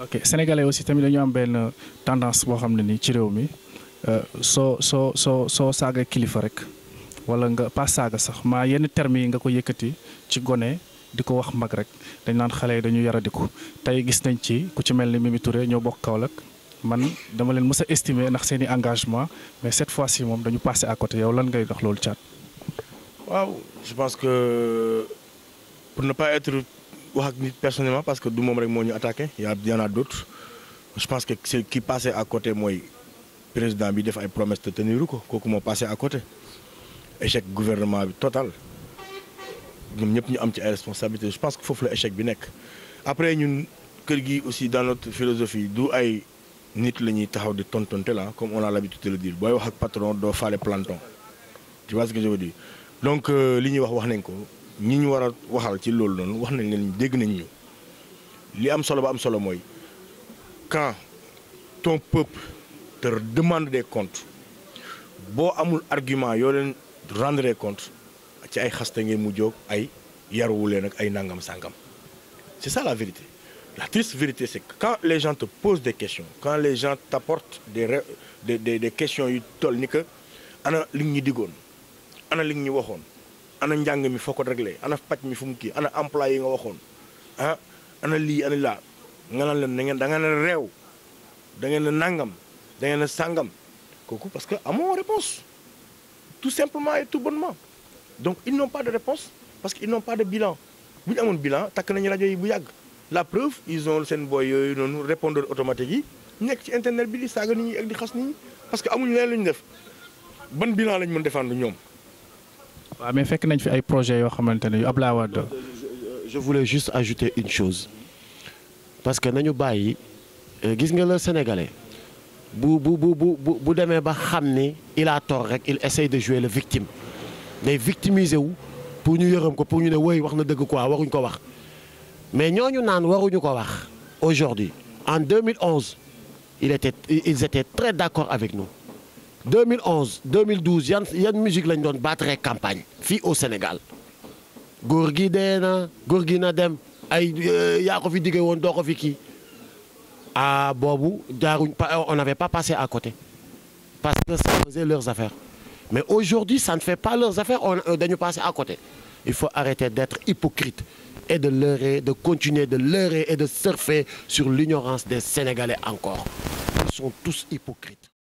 ok sénégalais aussi tamit dañu am tendance boo xam ne nii ci réew mi euh, soo soo soo soo saaga kilifa rek wala nga pas saaga sax maa yenn termes yi nga ko yëkkati ci gone di ko wax mag rek dañ naan xale yi dañu yaradiku tey gis nañ ci ku ci mel ni Mimi Touré ñoo bokk Kaolack man dama leen mës a estimer ndax seen i engagement mais cette fois ci moom dañu passé à côté yow lan ngay dox loolu caat wax ak nit personnellement parce que du moom rek moo ñu attaqué y a y a d'autres je pense que c'est qui passait à côté mooy président bi def ay promesses te teniru ko kooku moo passé à côté échec guvernement bi total ñoom ñëpp ñu am ci ay responsabilités je pense que foofu la échec bi nekk après ñun kër gi aussi dans notre philosophie du ay nit la ñuy taxaw di tontonte la comme on a l'habitude de le dire booy wax ak patron doo faale planton tu vois ce que je donc euh, li ñuy wax wax nañ ko ñi ñu war a waxal ci loolu noonu wax nañ leen dégg nañ ñu li am solo ba am solo mooy quand ton peuple te demande des comptes boo amul argument yoo leen rendre compte ci ay xaste ngeen mu jóg ay yaruwu leen ak ay nangam sangam ci ça la vérité la triste vérité c'est que quand les gens te posent des questions quand les gens t'apportent des des des questions yu toll ni que ana li ñu digoon ana li ñu waxoon. ana njàng mi foo ko réglé ana paj mi fu mu kii ana employé yi nga waxoon ah ana lii ana laa nga naan leen da ngeen da ngeen a réew da ngeen a nangam da ngeen sàngam kooku parce que amoo réponse tout simplement et tout bonnement donc ils n'ont pas de réponse parce qu'ils n'ont pas de bilan bu ñu amoon bilan takk nañu rajo yi bu yàgg la preuve ils ont seen booy yooyu noonu répondeur automatique yi nekk ci internet bi di saaga nit ñi xas parce que amuñu leen lañu def ban bilan lañ mën défendre ñoom waaw ah, mais fekk nañ fi ay projet yoo xamante ne yu Abdoulaye Wade je voulais juste ajouter une chose parce que nañu bàyyi euh, gis nga la sénégalais bu bu bu bu bu demee ba xam ni il a tort rek il essaye de jouer le victime day victimiser wu pour ñu yërëm ko pour ñu ne woy wax na dëgg quoi waruñ ko wax mais ñooñu naan waruñu ko wax aujourd'hui en 2011 il était ils étaient très d'accord avec nous 2011 2012 yan yan musique lañ doon battre campagne fii au Sénégal góor gi dee na góor gi na dem ay euh, yaa ko fi diggee woon doo ko fi kii ah boobu jaaruñ on n'avait pas passé à côté parce que ça faisait leurs affaires mais aujourd'hui ça ne fait pas leurs affaires on euh, dañu passé à côté il faut arrêter d'être hypocrite et de leurrer de continuer de leurrer et de surfer sur l'ignorance des Sénégalais encore ils sont tous hypocrites